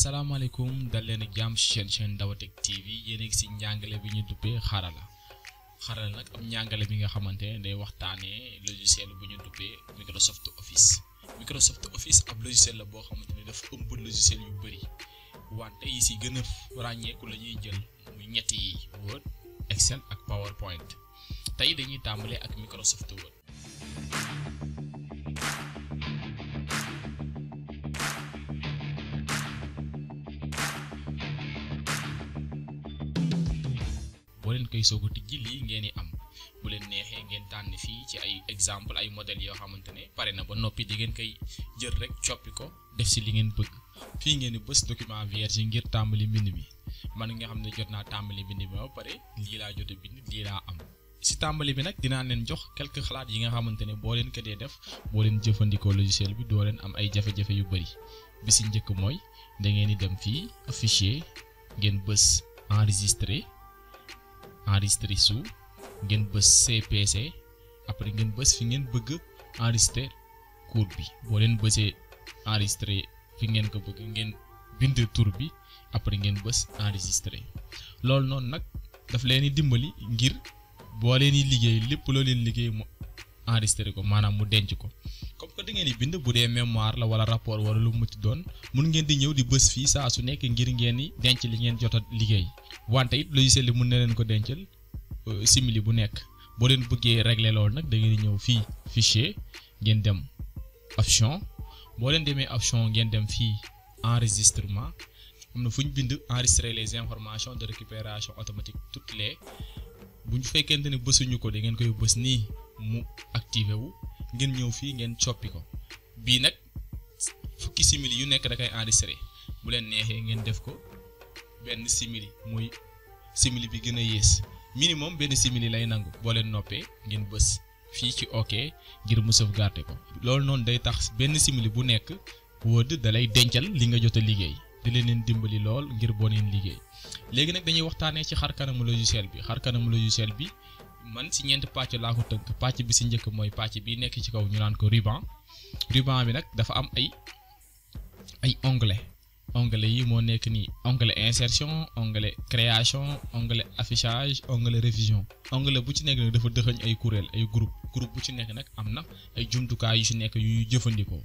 salaamaaleykum dal leen ak jàmm si chaîne chaîne Ndawa TV yéen a si njàngale bi ñu duppee xarala xarala nag am njàngale bi nga xamante ne day waxtaanee logiciel bu ñu duppee Microsoft Office Microsoft Office ab logiciel la boo xamante ne dafa ëmb logiciel yu bëri wante yi si gën a ràññeeku la ñuy jël muy ñetti yi Word Excel ak PowerPoint tey dañuy tàmbalee ak Microsoft Word. boo leen koy soog ji tijji lii ngeen di am bu leen neexee ngeen tànn fii ci ay exemple ay modèles yoo xamante ne pare na ba noppi di ngeen koy jël rek coppi ko def si li ngeen bëgg fii ngeen di bës document vierge ngir tàmbali mbind mi man nga xam ne jot naa tàmbali mbind mi ba pare lii laa jot bind lii laa am si tàmbali bi nag dinaa leen jox quelques xalaat yi nga xamante ne boo leen ko dee def boo leen jëfandikoo logiciel bi doo leen am ay jafe-jafe yu bari bi njëkk mooy da ngeen di dem fii fichier ngeen bës enregistrer enregistré su ngeen bës CPC après ngeen bës fi ngeen bëgg enregistrer cours bi boo leen bësee enregistrer fi ngeen ko bëgg ngeen bind tur bi après ngeen bës enregistrer loolu noonu nag daf leen di dimbali ngir boo leen di liggéey lépp loo leen liggéey mu enregistré ko maanaam mu denc ko comme que da ngeen di bind bu dee mémoire la wala rapport wala lu mu ci doon mun ngeen di ñëw di bës fii saa su nekk ngir ngeen di denc li ngeen jot liggéey. wante it logiciel li mun na leen ko dencal euh, simili bu nekk boo leen bëggee régler loolu nag da ngeen ñëw fii fichier ngeen dem option boo leen demee option ngeen dem fii enregistrement am na fu ñu bind enregistrer les informations de récupération automatique toutes les bu ñu fekkente ne bësuñu ko da ngeen koy bës nii mu activé wu ngeen ñëw fii ngeen soppi ko bii nag fukki simili yu nekk da koy enregistré bu leen neexee ngeen def ko. benn simili mooy simili bi gën a yées minimum benn simili lay nangu boo leen noppee ngeen bës fii ci ok ngir mu sauvegarder ko lool noonu day tax benn simili bu nekk Word da lay dencal li nga jot liggéey di leen dimbali lool ngir boo neen liggéey léegi nag dañuy waxtaanee ci xar kanamu logiciel bi xar kanamu logiciel bi man si ñeent pàcc laa ko tëgg pàcc bi si njëkk mooy pàcc bi nekk ci kaw ñu naan ko ruban ruban bi nag dafa am ay ay onglet onglet yi moo nekk nii onglet insertion onglet création onglet affichage onglet révision onglet bu ci nekk nag dafa dëxëñ ay kuréel ay groupe groupe bu ci nekk nag am na ay jumtukaay yu ci nekk yu ñuy jëfandikoo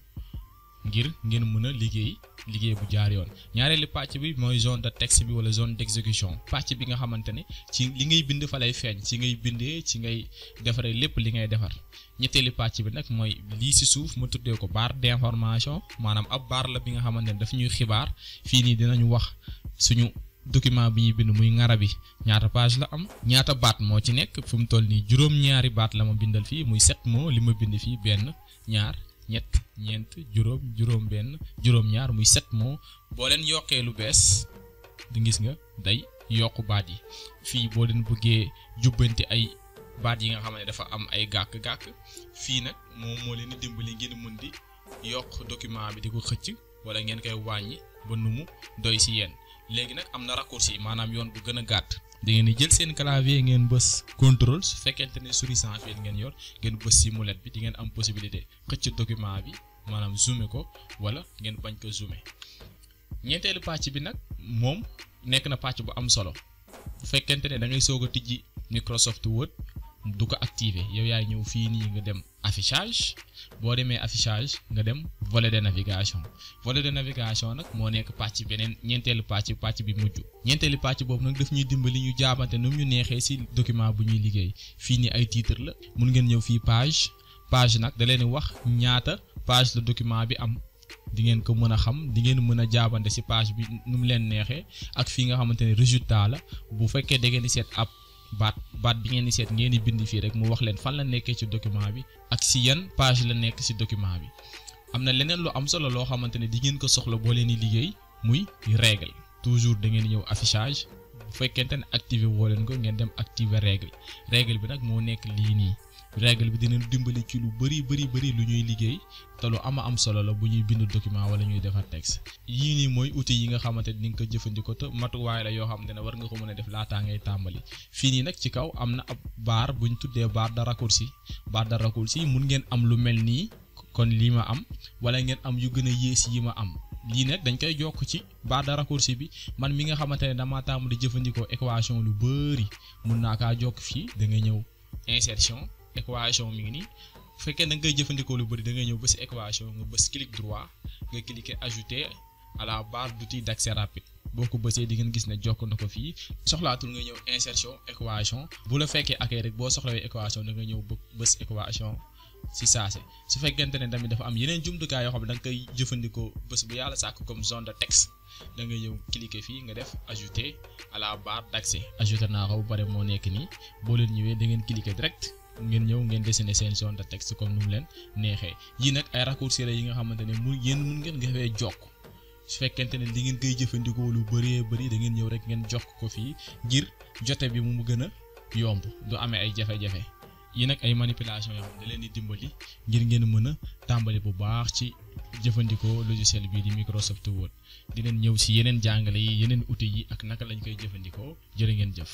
ngir ngeen mën a liggéey liggéey bu jaar yoon ñaareelu pàcc bi mooy zone de texte bi wala zone de d'exécution pàcc bi nga xamante ne ci li ngay bind fa lay feeñ ci ngay bindee ci ngay defaree lépp li ngay defar ñetteeli pàcc bi nag mooy lii si suuf ma tuddee ko barre d'information maanaam ab barre la bi nga xamante ne daf ñuy xibaar fii nii dinañu wax suñu document bi ñuy bind muy ngara bi ñaata page la am ñaata baat moo ci nekk fu mu toll nii juróom-ñaari baat la ma bindal fii muy sept mots li ma bind fii benn ñaar ñett ñeent juróom juróom benn juróom ñaar muy sept mots boo leen yokkee lu bees di gis nga day yokk baat yi fii boo leen bëggee jubbanti ay baat yi nga xam ne dafa am ay gàkk-gàkk fii nag moom moo leen di dimbali ngeen mën di yokk document bi di ko xëcc wala ngeen koy wàññi ba nu mu doy si yéen léegi nag am na raccourci maanaam yoon bu gën a gàtt da ngeen di jël seen clavier ngeen bës contrôle su fekkente ne souris sans fil ngeen yor ngeen bës si molette bi di ngeen am possibilité xëcc document bi maanaam zoomer ko wala ngeen bañ ko zoomer ñeenteelu pàcc bi nag moom nekk na pàcc bu am solo bu fekkente ne da soo soog a tijji Microsoft Word du ko activer yow yaay ñëw fii nii nga dem affichage boo demee affichage nga dem volet de navigation volet de navigation nag moo nekk pàcc beneen ñeenteelu pàcc pàcc bi mujj ñeenteelu pàcc boobu nag daf ñuy dimbali ñu jaabante nu ñu neexee ci document bu ñuy liggéey fii nii ay titre la mun ngeen ñëw fii page page nag da leen wax ñaata page la document bi am. di ngeen ko mën a xam di ngeen mën a jaabante ci page bi nu mu leen neexee ak fii nga xamante ne résultat la bu fekkee da ngeen di seet ab baat baat bi ngeen di seet ngeen di bind fii rek mu wax leen fan la nekkee ci document bi ak si yan page la nekk si document bi am na leneen lu am solo loo xamante ne di ngeen ko soxla boo leen di liggéey muy règle toujours da ngeen ñëw affichage bu fekkente ne activé woo leen ko ngeen dem active règle règle bi nag moo nekk lii nii règle bi dinañ dimbali ci lu bëri bëri bari lu ñuy liggéey te lu ama am solo la bu ñuy bind document wala ñuy defar tex yii nii mooy outil yi nga xamante ni nga ko jëfandikoo te matuwaay la yoo xamante ne war nga ko mën a def laataa ngay tàmbali fii nii nag ci kaw am na ab barre bu ñu tuddee barre de raccourci barre de raccourci mun ngeen am lu mel nii kon lii ma am wala ngeen am yu gën a yées yi ma am. lii nag dañ koy jokk ci barre dara raccourci bi man mi nga xamante ne damaa tàmm di jëfandikoo équation lu bëri mun naa kaa jokk fii da ñëw insertion. équation mi ngi nii bu fekkee da nga koy jëfandikoo lu bëri dangay ñëw ba si équation nga bës clic droit nga cliquer ajouter à la barre d'outils d'accès boo ko bësee di ngeen gis ne jokk na ko fii soxlaatul nga ñëw insertion équation bu la fekkee ak rek boo soxlawee équation da nga ñëw bës équation si saase su fekkente ne tamit dafa am yeneen jumtukaay yoo xam ne da nga jëfandikoo bés bu yàlla sàkk comme zone de texte da nga ñëw cliquer fii nga def ajouter à la barre d'accès ajouter naa ko bu pare moo nekk nii boo leen ñëwee da ngeen cliquer direct ngeen ñëw ngeen dessiner seen zone de texte comme nu mu leen neexee yii nag ay raccourci yi nga xamante ne mu yéen mun ngeen defee jokk su fekkente ne li ngeen koy jëfandikoo lu bëree bëri da ngeen ñëw rek ngeen jox ko fii ngir jote bi mu gën a yomb du amee ay jafe-jafe yi nag ay manipulation yoo xam leen di dimbali ngir ngeen mën a tàmbali bu baax ci jëfandikoo logiciel bii di Microsoft Word di leen ñëw si yeneen jàngale yi yeneen outils yi ak naka lañ koy jëfandikoo jërë ngeen jëf.